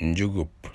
njugub